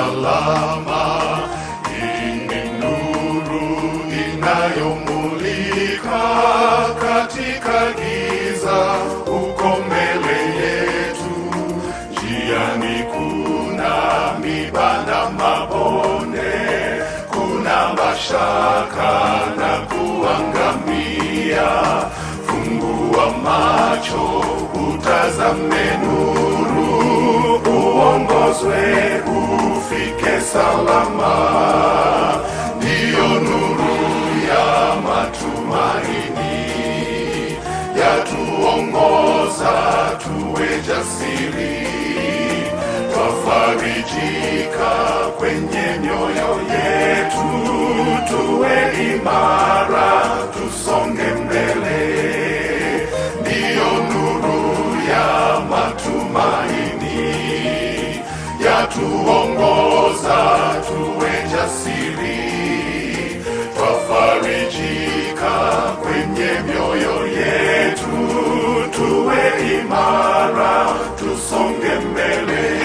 salama ini nuru inayomulika katika giza uko mbele yetu jiani kuna mibanda mabone kuna mashaka na kuangamia fungua macho utazame uongozwe ufike salama, ndiyo nuru ya matumaini yatuongoza, tuwe jasiri, twafarijika kwenye mioyo yetu, tuwe imani tuongoza tuwe jasiri, twafarijika kwenye mioyo yetu, tuwe imara, tusonge mbele.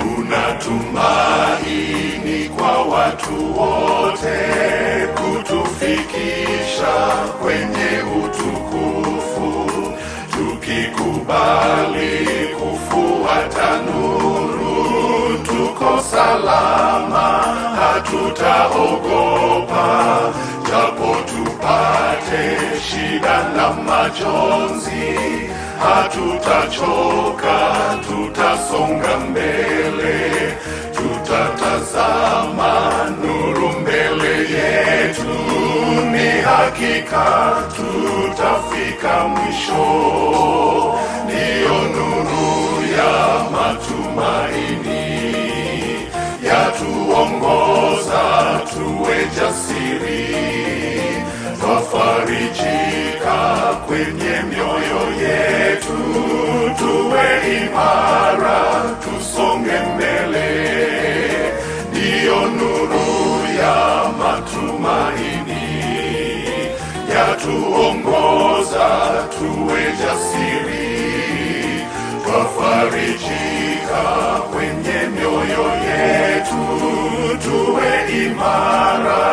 Kuna tumaini kwa watu wote kutufikia kuongoza kwenye utukufu, tukikubali kufuata nuru, tuko salama, hatutaogopa japo tupate shida na majonzi, hatutachoka, tutasonga mbele, tutatazama hakika tutafika mwisho, ndiyo nuru ya matumaini yatuongoza tuwe jasiri, twafarijika kwenye mioyo yetu, tuwe imara, tusonge mbele, ndiyo nuru ya matumaini tuongoza tuwe jasiri, twafarijika kwenye mioyo yetu, tuwe imara